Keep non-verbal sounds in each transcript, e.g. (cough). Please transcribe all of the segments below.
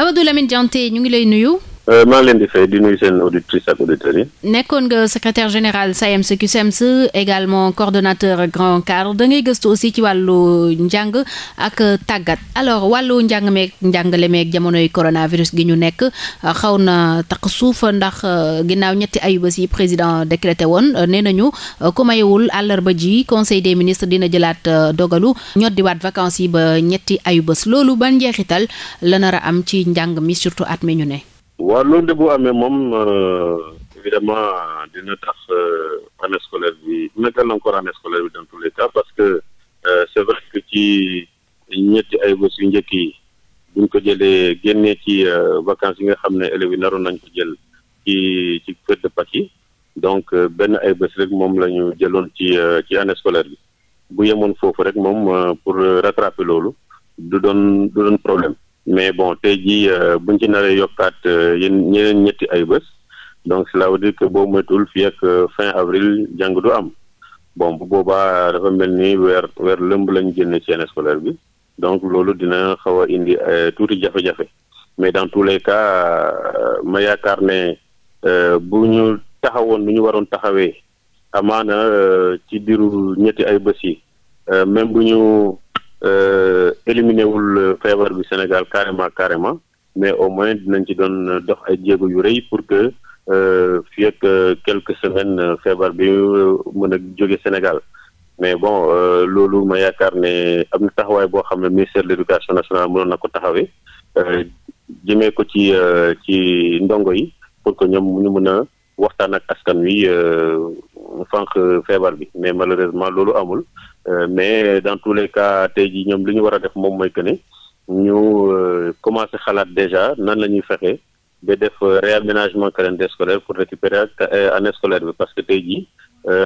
Mamadou Lamine Diante ñu ngi lay nuyu. Euh, maa ngi leen di fay di nuyu seen auditrice ak auditeurs nekkoon nga secrétaire général SAEMS CUSEMS également coordonnateur grand cadre da ngay gëstu aussi ci wàllu njàng ak tàggat alors wàllu njàng meeg njàngale meeg jamonoy coronavirus gi ñu nekk xaw na taq suufa ndax euh, ginnaaw ñetti ayubés yi président decrété woon euh, nee nañu ku mayewul àllarba ji conseil des ministres dina jëlaat dogalu ñoddiwaat vacances yi ba ñetti ayubés loolu ba njeexital la nar am ci njàng mi surtout at mi ñu ne. waaw loolu de bu amee moom euh, évidemment dina tax euh, année scolaire bi dina gàllankoor année scolaire bi dans tous les cas parce que euh, c'est vrai que ci ñetti ay bés yu njëkk yi duñ ko jëlee génnee ci vacances yi nga xam ne élèves yi naroon nañ ko jël ci ci fête yi donc benn ay bés rek moom la ñu jëloon ci ci année scolaire bi bu yemoon foofu rek moom pour rattraper loolu du doon du doon problème mais bon tey jii euh, buñ ci naree yokkaat euh, yenn ñeneen ñetti ay bés donc cela veut dire que boo moytuwul fii euh, fin avril jàng du am bon bu boobaa dafa mel ni weer lëmb lañ génne ci année scolaire bi donc loolu dina xaw a indi tuuti jafe-jafe mais dans tous les cas ma yaakaar ne bu ñu taxawoon lu ñu waroon taxawee amaana ci diiru ñetti ay bés yi même bu ñu Euh, éliminé wul euh, feebar bi Sénégal carrément carrément mais au moins dinañ ci doon euh, dox ay jéego yu rëy pour que fii ak quelque semaine feebar bi mu mën a jóge Sénégal mais bon loolu ma yaakaar ne am taxawaay boo xam ne ministère de l'éducation nationale mënoon na ko taxawee jëmee ko ci ci ndongo yi pour que ñoom ñu mën a waxtaan ak askan wi. fànq feebar bi mais malheureusement loolu amul euh, mais dans tous les cas tey jii ñoom li ñu war a def moom mooy que ne ñu euh, commencé xalaat déjà nan la ñuy fexe ba def euh, réaménagement calendrier scolaire pour récupérer ak année scolaire bi parce que tey jii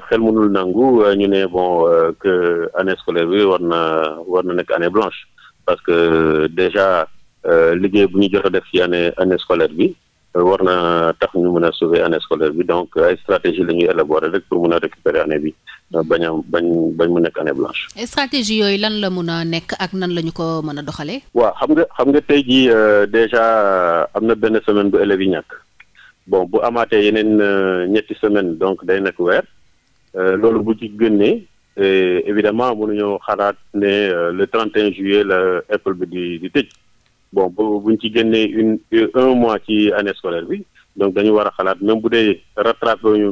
xel mënul nangu ñu ne bon que année scolaire bi war na war na nekk année blanche parce que déjà liggéey bu ñu jot a def ci année année scolaire bi. war na tax ñu mën a sauver année scolaire bi donc ay stratégie la ñuy élaborer rek pour mën a récupérer année bi euh, bañ bañ bañ mu nekk année blanche. stratégie yooyu lan la mën a nekk ak nan la ñu ko mën a doxalee. waa xam nga xam nga tey jii euh, déjà euh, am na benn semaine bu élèves yi ñàkk bon bu amaatee yeneen ñetti semaine donc day nekk weer loolu bu ci génnee. évidemment mënuñoo xalaat ne le 31 juillet la école bi di di tëj bon bu buñ ci génnee une un mois ci année scolaire bi donc dañu war a xalaat même bu dee rattrapé ñu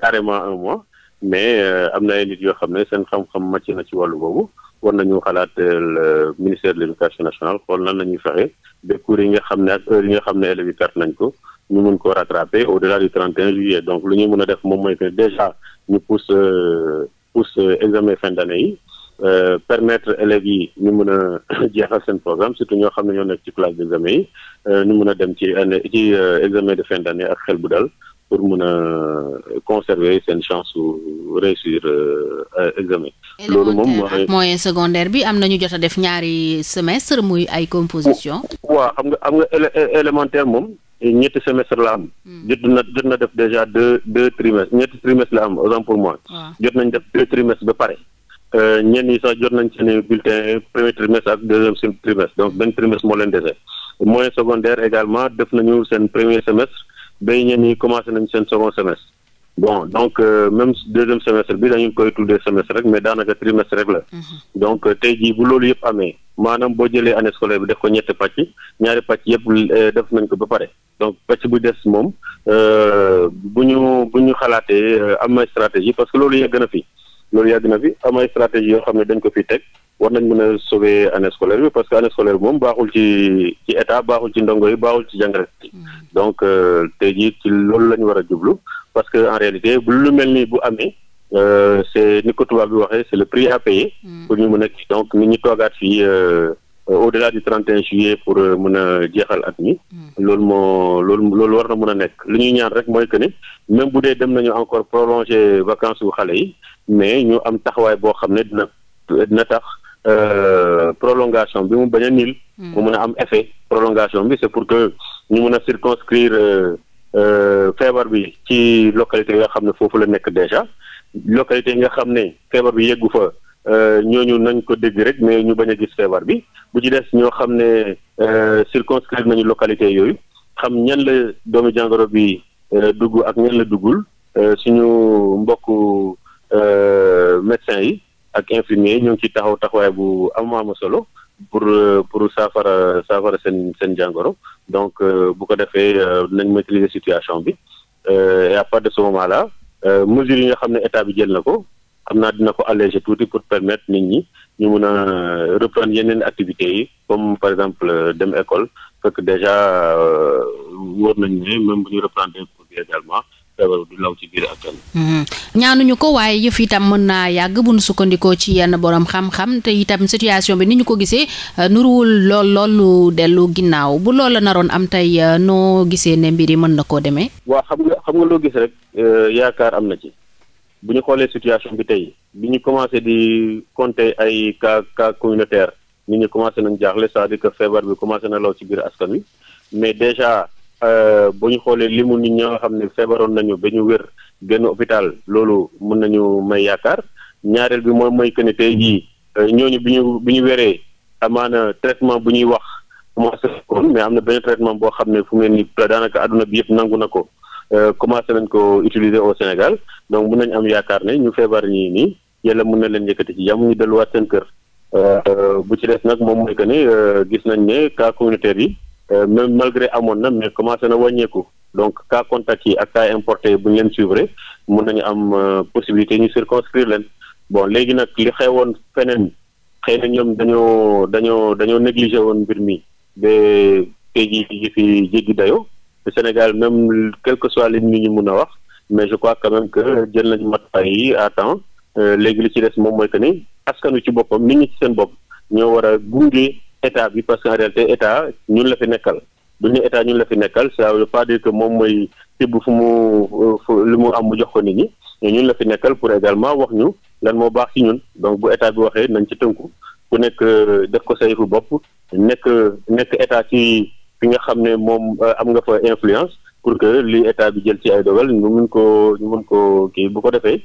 carrément un mois mais euh, am na ay nit yoo xam ne seen xam-xam màcc na ci wàllu boobu war nañu xalaat euh, ministère de l'éducation nationale xool nan la ñuy fexe de cours yi nga xam ne ak yi nga xam ne élèves yi nañ ko ñu mun ko rattraper au-delà de du 31 juillet donc lu ñuy mën a def moom mooy que déjà ñu pousse euh, pousse examen fin d'année yi Euh, permettre élèves yi ñu mun a (coughs) jeexal seen programme surtout ñoo xam ne ñoo nekk ci classe d'examen yi euh, ñu mën a dem ci ci euh, examen de fin d'année ak xel bu dal pour mun a conserver seen chance su réussir examen. loolu moom mooy moyen secondaire bi am na ñu jot a def ñaari semestre muy ay composition. waaw xam nga xam nga élémentaire moom. ñetti semestre la am. Hmm. jot na jot na def déjà deux deux trimestres ñetti trimestre la am autant pour moi. jot nañ def deux trimestres ba pare. Euh, ñenn ñi sax jot nañ seen bulletin premier trimestre ak deuxième trimestre donc benn trimestre moo leen dese moyen secondaire également def nañu seen premier semestre bay ñenn ñi commencé nañ seen second semestre bon donc euh, deuxième semestre bi dañu koy tuddee semestre rek mais daanaka trimestre rek la mhm. donc euh, tey jii bu loolu yëpp amee maanaam boo jëlee année scolaire bi def ko ñetti pàcc ñaari pàcc yëpp euh, def nañ ko ba pare donc pàcc bu des moom bu ñu bu ñu xalaatee am na stratégie parce loolu yàgg na fi am ay stratégie yoo xam ne dañ ko fi teg war nañ mën a sauver année scolaire bi parce que année scolaire bi moom baaxul ci état baaxul ci ndongo yi baaxul ci jàngale yi mm. donc euh, tey jii loolu la ñu war a jublu parce que en réalité bu lu mel nii bu amee euh, c'est ni ko tubaab bi waxee c'est le prix à payer mm. pour ñu mën a donc nit ñi toogaat fii euh, Euh, au-delà du 31 juillet pour euh, mun a jeexal at hmm. loolu moo loolu loolu war na mun a nekk li ñuy ñaan rek mooy que ne même bu dee dem nañu encore prolonger vacances wu xale yi mais ñu am taxawaay boo xam ne dina dina tax euh, prolongation bi mu bañ a niil. Hmm. mu mën a am effet prolongation bi c'est pour que ñu mun a circonscrire feebar bi ci localité yi nga xam ne foofu la nekk déjà localité yi nga xam ne feebar bi yeggu fa. Euh, ñooñu nañ ko dégg rek mais ñu bañ a gis feebar bi bu ci des ñoo xam ne euh, circonscrire nañu localité yooyu xam ñan la doomu jàngoro bi euh, dugg ak ñan la duggul suñu mbokku médecins yi ak infirmiers yi ñoo ngi ci taxaw taxawaay bu am am solo pour pour saafara saafara seen seen jàngoro donc bu ko defee nañ maîtriser situation bi et à partir de ce moment là yi nga xam ne état bi jël na ko. xam naa dina ko alléger tuuti pour permettre nit ñi ñu mun a euh, reprendre yeneen activités yi comme par exemple euh, dem école fekk déjà euh, wóor nañu ne même bu ñu reprendre cours yi également feebar du mm-hmm. ko waaye yëf itam mën naa yàgg bu nu sukkandikoo ci yenn boroom xam-xam te itam situation bi ni ñu ko gisee nuruwul lool loolu dellu ginnaaw bu loolu la naroon am tey noo gisee ne mbir yi mën na koo demee. waaw xam nga xam nga loo gis rek yaakaar am na ci. bu ñu xoolee situation bi tey bi ñu commencé di compter ay ka cas communautaire nit ñi commencé nañ jaaxle c'est-à-dire que feebar bi commencé na law ci biir askan wi mais déjà euh, bu ñu xoolee limu nit ñi xam ne feebaroon nañu ba ñu wér génn hôpital loolu mën nañu may yaakaar ñaareel bi moom mooy que ne tey jii euh, ñooñu bi ñu bi ñu wéree amaana traitement bu ñuy wax commencé kon mais am na benn traitement boo xam ne fu mu ne nii daanaka àdduna bi yëpp nangu na ko. Euh, commencé nañ ko utiliser au Sénégal donc mun nañu am yaakaar ne ñu feebar ñii nii yàlla mun na leen yëkkati ci jàmm ñu delluwaat seen kër. Euh, bu ci des nag moom mooy que ne euh, gis nañ ne cas communautaire yi même malgré amoon na mais commencé na wàññeeku. donc cas contact yi ak cas importé yi bu ñu leen suivre mun nañu am possibilité ñu circonscrire leen bon léegi nag li xewoon feneen xëy ñoom dañoo dañoo dañoo négligé woon mbir mi ba tey jii fi jéggi dayo Sénégal même quel que soit li nit ñi mun a wax mais je crois quand que jël nañu matuwaay yi à temps euh, léegi li ci des moom mooy que ni askanu ci boppam nit ñi ci seen bopp ñoo war a gunge état bi parce que en réalité état ñun la fi nekkal bu ñu état ñun la fi nekkal ça veut pas dire que moom mooy tibb fu mu euh, li mu am mu jox ko nit ñi ñun la fi nekkal pour également wax ñu lan moo baax ci ñun donc bu état bi waxee nañ ci tënku ku nekk euh, def ko sayfu bopp nekk nekk état fi nga xam ne moom euh, am nga fa influence pour que li état bi jël ci ay dogal ñu mun ko ñu mun ko kii bu ko defee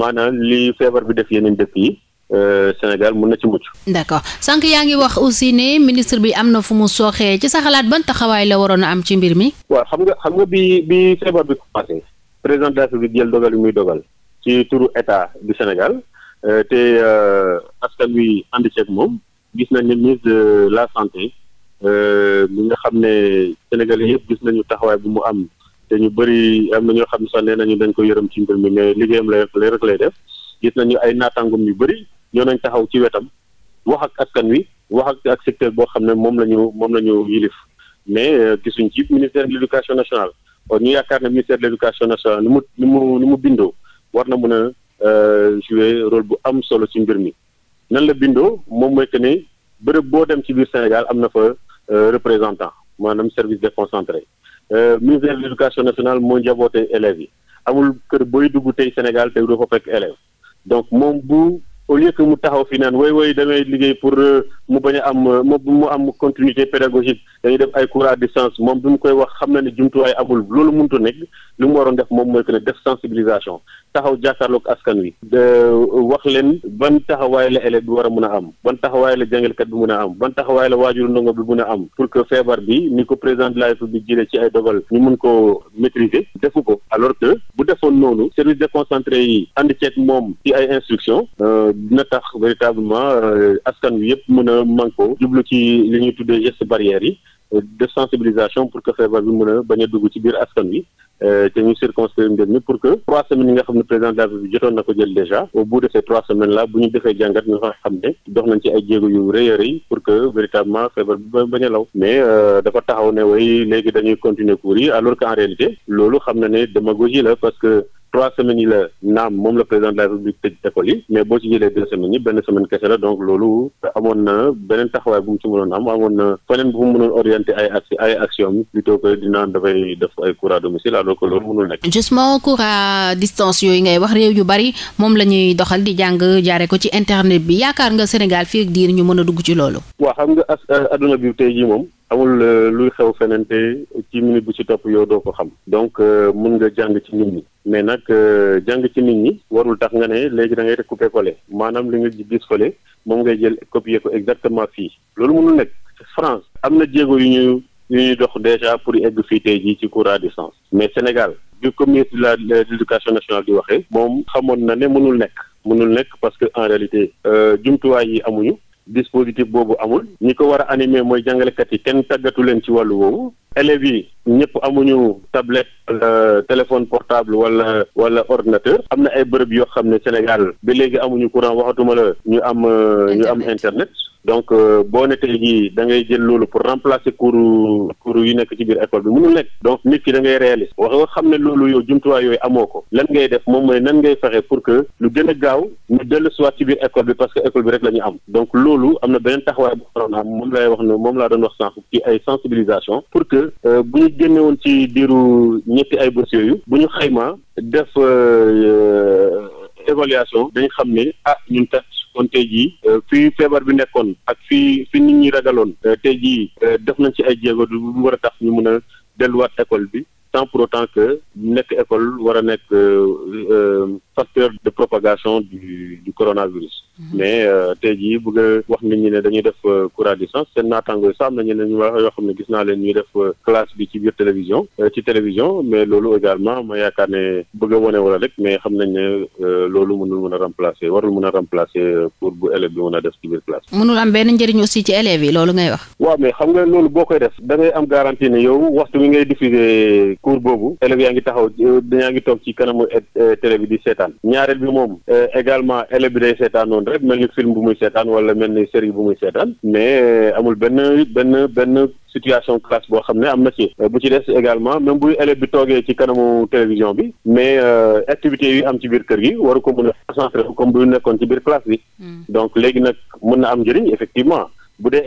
maanaam li feebar bi def yeneen dëkk yi euh, Sénégal mun na ci mucc. d'accord sànq yaa ngi wax aussi ne ministre bi am na fu mu soxee ci sa xalaat ban taxawaay la waroon a am ci mbir mi. waaw xam nga xam nga bi bi feebar bi commencé président de bi jël dogal yu muy dogal ci turu état du Sénégal euh, te askan wi ànd ceeg moom gis nañ ne ministre de la santé. mi euh, nga xam ne Sénégalais yëpp gis nañu taxawaay bi mu am te ñu bëri am na ñoo xam ne sax nee nañu dañ ko yërëm ci mbir mi mais liggéeyam lay rek lay def gis nañu ay naataangoom yu bëri ñoo nañ taxaw ci wetam wax ak askan wi wax ak ak secteur boo xam ne moom la ñu moom la yilif mais euh, gisuñ ci ministère de l' nationale kon ñu yaakaar ne ministère de l' éducation nationale ni mu ni mu ni mu bindoo war na mën a euh, jouer role bu am solo ci mbir mi nan la moom mooy que ne boo dem ci biir Sénégal am na fa. Euh, représentant maanaam service déconcentré euh, ministère de l' éducation nationale moo njaboote élèves yi amul kër booy dugg tey Sénégal tey doo fa fekk donc moom bu au lieu mu taxaw fi naan way woy damay liggéey pour euh, mu bañ a am euh, mu am continuité pédagogique dañuy def ay cours de distance moom bi mu koy wax xam na ne jumtuwaay amul loolu mënut a nekk li mu waroon def moom mooy que ne def sensibilisation taxaw jàkkaarloog askan wi. Euh, wax leen ban taxawaay la élève bi war a mën a am ban taxawaay la jàngalkat bi mën a am ban taxawaay la waajuru ndongo bi mën a am pour que feebar bi ni ko président de la république jëlee ci ay dogal ñu mën ko maîtriser defu ko alors service déconcentré yi ànd ceeg moom ci ay instructions euh, dina tax véritablement euh, askan wi yëpp mën a manko jublu ci li ñuy tuddee gestes barrières yi euh, de sensibilisation pour que feebar bi mën a bañ a dugg ci biir askan wi te ñu circonscrire mbir mi pour que trois semaines yi nga xam ne président de la République jotoon na ko jël déjà au bout de ces trois semaines là bu ñu defee jàngat ñu nga xam ne dox nañ ci ay jéego yu rëy a rëy pour que véritablement feebar bi bañ mais dafa taxaw ne way léegi dañuy continuer cours yi alors que loolu xam na ne démagogie la parce que trois semaines yi la naam moom la président de la république tëj école yi mais boo ci jëlee deux semaines yi benn semaine kese la donc loolu amoon na beneen taxawaay bu mu ci mënoon am amoon na feneen bu mu a orienté ay action ay action plutôt que dafay def ay cours à domicile alors que loolu mënul nekk. justement cours à distance yooyu ngay wax réew yu bari moom la ñuy doxal di jàng jaare ko ci internet bi yaakaar nga Sénégal fii ak diir ñu mën a dugg ci loolu. waa xam nga as euh, adduna bi amul euh, luy xew fenante te ci minute bu ci topp yow doo ko xam donc euh, mun nga jàng ci nit ñi mais nag euh, jàng ci nit ñi warul tax nga ne léegi da ngay rek coupé maanaam li nga gis fële moom ngay jël copier ko exactement fii loolu mënul nekk France am na jéego yu ñu yu ñuy dox déjà pour egg fii tey jii ci cours à distance mais Sénégal bi comme ministre de l'éducation nationale di waxee moom xamoon na ne mënul nekk mënul nekk parce que en réalité jumtuwaay yi amuñu dispositif boobu amul ñi ko war a animer mooy jàngalekat yi kenn tàggatu leen ci wàllu woowu élèves yi ñëpp amuñu tablette wala téléphone portable wala wala ordinateur am na ay bërëb yoo xam ne Sénégal ba léegi amuñu courant waxatuma la ñu am euh, ñu am internet donc euh, boo ne tey jii da ngay jël loolu pour remplacer cours cour yu nekk ci biir école bi mënul nekk donc nit ki da ngay réaliste wax nga xam ne loolu yow jumtuwaay yooyu amoo ko lan ngay def moom mooy nan ngay fexe pour que lu gën a gaaw ñu dellu soit ci biir école bi parce que école bi rek la ñu am donc loolu am na beneen taxawaay bu waroon am moom lay wax ne moom laa doon wax sànq ci ay sensibilisation pour que euh, bu ñu génne woon ci diiru ñetti ay bés yooyu bu ñu xayma def euh, évaluation dañ xam ne ah ñun kat kon tey jii euh, fii feebar bi nekkoon ak fii fi nit ñi ragaloon euh, tey jii euh, def nañ ci ay jéego du war a tax ñu mun a delluwaat école bi sans pour autant que nekk école war a nekk euh, euh, facteur de propagation du coronavirus. Mhm. mais euh, tey jii bëgg wax nit ñi ne dañuy def cours à distance seen naataango sax am na ñeneen ñu yoo xam ne gis naa leen ñuy def classe bi ci biir télévision ci télévision mais loolu également ma yaakaar ne bëgg a wane wala rek mais xam nañ ne loolu mënul mën a remplacer warul mën a remplacer pour bu élève bi mën a def ci biir classe. mënul am benn njëriñ aussi ci élèves cours boobu élèves yaa ngi taxaw dañaa ngi toog ci kanamu eh, eh, télé bi di seetaan ñaareel bi moom eh, également élève bi day seetaan noonu rek mel ni film bu muy seetaan wala mel ni série bu muy seetaan mais amul benn benn benn situation classe boo xam ne am na ci bu ci des également même bu élève bi toogee ci kanamu télévision bi mais activités yi am ci biir kër gi waru ko mën a concentré comme bu nekkoon ci biir classe bi hmm. donc léegi nag mën na am njëriñ effectivement bu dee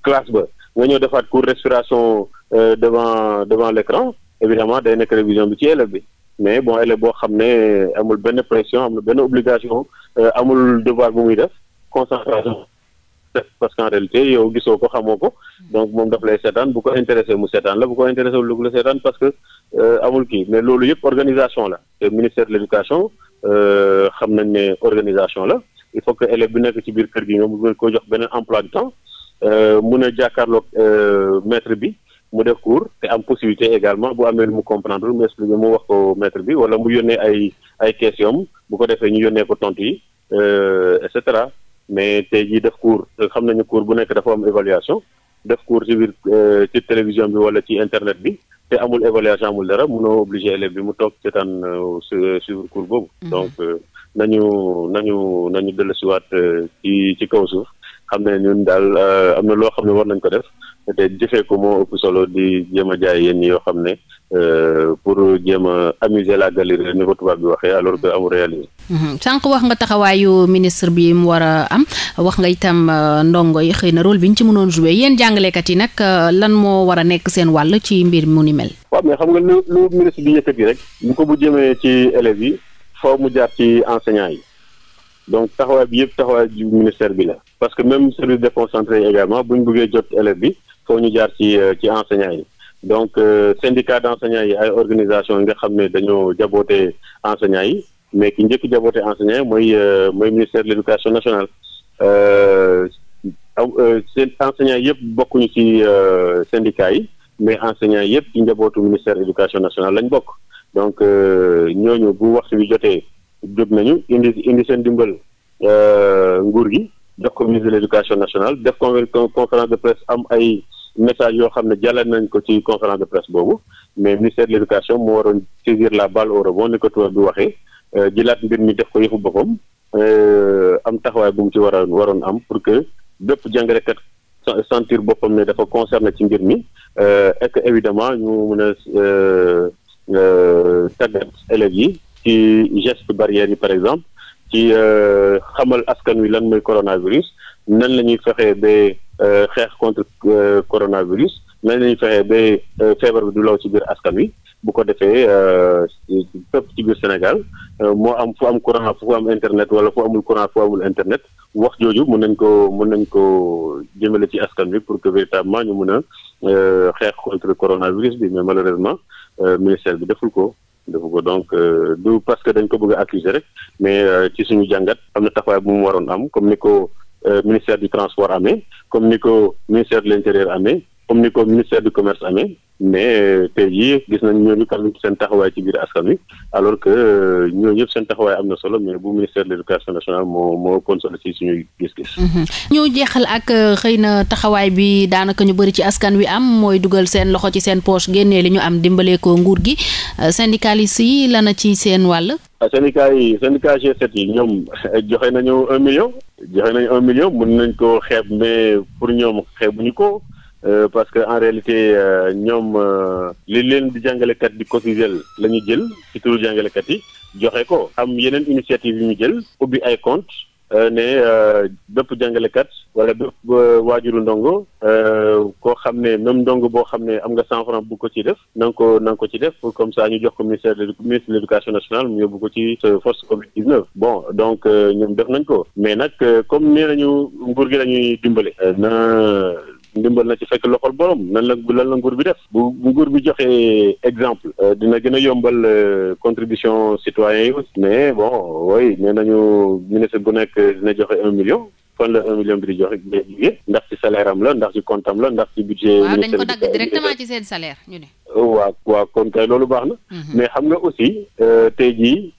classe ba nga ñëw defaat cours respiration euh, devant devant l'écran évidemment day nekk révision bi ci élève bi mais bon élève boo xam ne amul benn pression amul benn obligation euh, amul devoir bu muy def concentration parce qu'en réalité yow gisoo ko xamoo ko donc moom daf lay seetaan bu ko intéressé mu seetaan la bu ko intéressé lu la seetaan parce que euh, amul kii mais loolu yëpp organisation la te ministère de l'éducation xam nañ ne organisation la il faut que élève ci biir kër gi nga mu jox beneen emploi du Euh, mën a jàkkaarloog euh, maître bi mu def cours te am possibilité également bu amee lu mu comprendre mu expliquer mu wax ko maître bi wala mu yónnee ay ay questions bu ko defee ñu yónnee ko tontu yi euh, et cetera mais te jii def cours xam nañu cours bu nekk dafa am évaluation def cours ci biir ci télévision bi wala ci internet bi te amul évaluation amul dara mënoo obligé élève bi mu toog seetaan suivre cours boobu mhm. donc nañu nañu nañu dellusiwaat ci ci kaw suuf xam ne ñun daal euh, am na loo xam ne war nañ ko def te jëfee ko moo ëpp solo di jéem a jaay yenn yoo xam ne euh, pour jéem a amuser la galerie ni ko tubaab bi waxee alors que amul réalisme. Mhm. sànq wax nga taxawaayu ministre bi mu war a am wax nga itam euh, ndongo yi xëy na rôle bi ñu ci mënoon joué yéen jàngalekat yi nag lan moo war a nekk seen wàll ci mbir mu ni mel. waaw mais xam nga lu lu ministre bi yëkkati rek. bu ko bu jëmee ci élèves yi. foo mu jaar ci enseignants yi. donc taxawaay bi yëpp taxawaay bi ministère bi la parce que même service déconcentré également bu ñu bëggee jot élève bi foo ñu jaar ci euh, ci enseignants yi donc euh, syndicat d' enseignants yi ay organisation yi nga xam ne dañoo jaboote enseignants yi mais ki njëkk jaboote enseignants yi mooy euh, mooy ministère de l' éducation nationale seen enseignants yëpp bokkuñu ci syndicats yi mais enseignants yëpp ci njabootu ministère éducation nationale lañ bokk donc ñooñu bu jotee jóg nañu indi indi seen dimbal euh, nguur gi jox ko ministre de l'éducation national def conférence de presse am ay message yoo xam ne jàllale nañ ko ci conférence de presse boobu mais ministère de l'éducation moo waroon saisir la balle au rebond ni ko tubaab bi waxee euh, jëlaat mbir mi def ko yëfu boppam euh, am taxawaay bu mu ci waroon waroon am pour que bépp jàngalekat sentir boppam ne dafa concerné ci mbir mi et que évidemment ñu mën a tàggat élèves yi ci geste barrière yi par exemple ci euh, xamal askan wi lan mooy coronavirus nan la ñuy fexee ba euh, xeex contre euh, coronavirus nan la ñuy fexee ba feebar bi du law ci biir askan wi bu ko defee fépp ci biir Sénégal moo am fu am courant fu am internet wala fu amul courant fu amul internet wax jooju mën nañ ko mën nañ ko jëmale ci askan wi pour que véritablement ñu mën a xeex contre coronavirus bi mais malheureusement ministère bi deful ko donc euh, du parce que dañ ko bëgg a accuser rek mais euh, ci suñu jàngat am na taxawaay bu mu waroon am comme ni ko euh, ministère du transport amee comme ni ko ministère de l'intérieur amee comme ni ko ministère du commerce amee mais euh, tey jii gis nañ ñooñu kam seen taxawaay ci biir askan wi alors que euh, ñooñu ñëpp seen taxawaay am na solo mais bu ministère de l' éducation nationale moo moo ëppoon solo si suñuy gis-gis. Mhm. ñu jeexal ak euh, xëy na taxawaay bi daanaka ñu bëri ci askan wi am mooy dugal seen loxo ci seen poche génnee li ñu am dimbalee ko nguur gi syndicaliste yi la na ci seen wàll. Ah, syndicat yi syndicat yi ñoom (laughs) joxe nañu un million. joxe nañu un million mën nañ ko xeeb mais pour ñoom xeebuñu ko. Euh, parce que en réalité euh, ñoom euh, li leen di jàngalekat di cotiser la ñu jël ci turu jàngalekat yi joxe ko am yeneen initiative yu ñu jël ubbi ay compte ne bépp jàngalekat wala bépp waajuru ndongo koo xam ne même ndongo boo xam ne am nga cent franc bu ko ci def na nga ko na ko ci def comme ça ñu jox ko ministère de ministre de l' éducation nationale mu yóbbu ko ci force covid 19 bon donc ñoom def nañ ko mais nag comme nee nañu nguur gi la ñuy dimbale na ndimbal na ci fekk loxol borom la lan la nguur bi def bu bu nguur bi joxee exemple euh, dina gën a yombal euh, contribution citoyens yi aussi mais bon oui nee nañu ministre bu nekk dina joxe un million kon la un million bi di joxe day liggéey ndax ci salaire la ndax ci compte la ndax ci budget waaw dañ ko dagg directement ci seen salaire ñu ne waaw euh, waaw kon kay loolu baax na mhm. mais xam nga aussi tey jii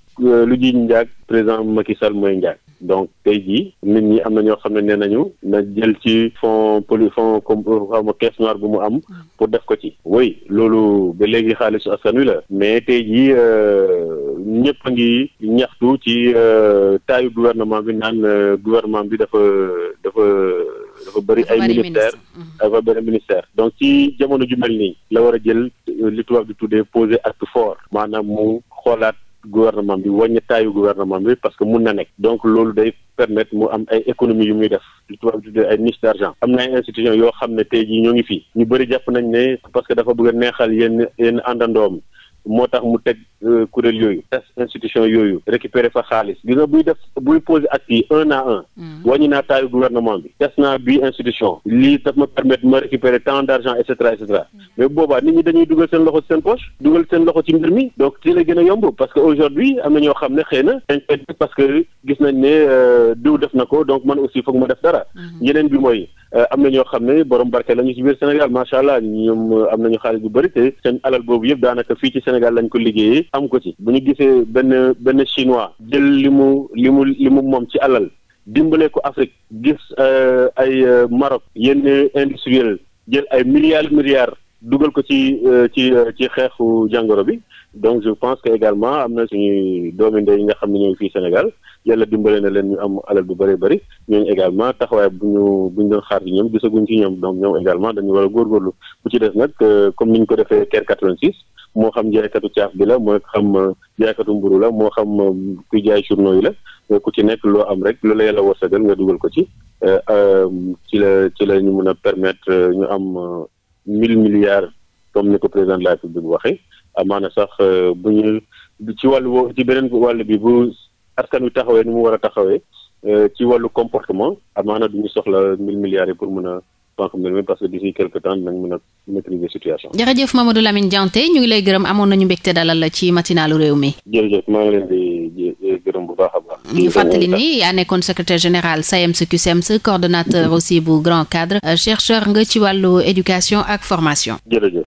lu ji njaag président Macky mooy njaag donc tey jii nit ñi am na ñoo xam ne nee nañu na jël ci fond poli fond comme xaw ma caisse noire bu mu am pour def ko ci oui loolu ba léegi xaalisu askan wi la mais tey jii euh, ñëpp a ngi ñaxtu ci euh, taayu gouvernement bi naan euh, gouvernement bi dafa dafa dafa bëri ay ministère mhm. dafa bëri ministère donc ci jamono ju mel nii la war a jël li bi tuddee poser acte fort maanaam mu xoolaat gouvernement bi wàññi taayu gouvernement bi parce que mun na nekk donc loolu day permettre mu am ay économie yu muy def li tubaab ay niche am na ay institution yoo xam ne tey jii ñoo ngi fii ñu bëri jàpp nañ ne parce que dafa bëgg a neexal yenn yenn àndandoom moo tax mu teg euh, kuréel yooyu tas institution yooyu récupérer fa xaalis bi nga buy def buy posé acte un à un mm. wàññi naa taayu gouvernement bi tas naa bii institution lii daf ma permettre ma récupérer tant d' argent et cetera et cetera mm. mais boobaa nit ñi dañuy dugal seen loxo ci seen poche dugal seen loxo ci mbir mi donc ci gën a yomb parce que aujourd'hui am na ñoo xam ne xëy parce que gis nañ ne euh, diw def na ko donc man aussi foog ma def dara mm-hmm. yeneen bi mooy euh, am Sénégal lañ ko liggéeyee am ko ci bu ñu gisee benn benn chinois jël li mu li mu li mu moom ci alal dimbalee ko Afrique gis euh, ay euh, Maroc yenn industriel jël ay milliards milliards dugal ko ci euh, ci ci xeexu jàngoro bi donc je pense que également am na suñu doomi ndey yi nga xam ne ñooy fii Sénégal yàlla dimbale na leen ñu am alal bu bëri bëri ñooñu également taxawaay bu ñu bu ñu doon xaar ci ñoom gisaguñ ci ñoom donc ñoom également dañu war a góorgóorlu bu ci des nag comme ni ñu ko defee Caire 86 moo xam jaaykatu caaf bi la moo xam euh, jaaykatu mburu la moo xam euh, kuy jaay journaux yi la euh, ku ci nekk loo am rek lu la yàlla wërsëgal nga dugal ko ci ci la ci la ñu mën a permettre ñu am mille milliards comme ni ko président de la République waxee amaana sax bu ñu ci wàllu ci beneen wàll bi bu askan wi taxawee ni mu war a taxawee ci wàllu comportement amaana du ñu soxla mille milliards yi pour mën a tànk mbir mi parce a maîtriser jërëjëf Mamadou Lamine Diante ñu ngi lay gërëm amoon nañu mbégte dalal la ci matinalu réew mi. jërëjëf maa ngi leen a baax. ñu fàttali ni yaa nekkoon secrétaire général SAEMS CUSEMS coordonnateur aussi bu grand cadre euh, chercheur nga ci wàllu éducation ak formation.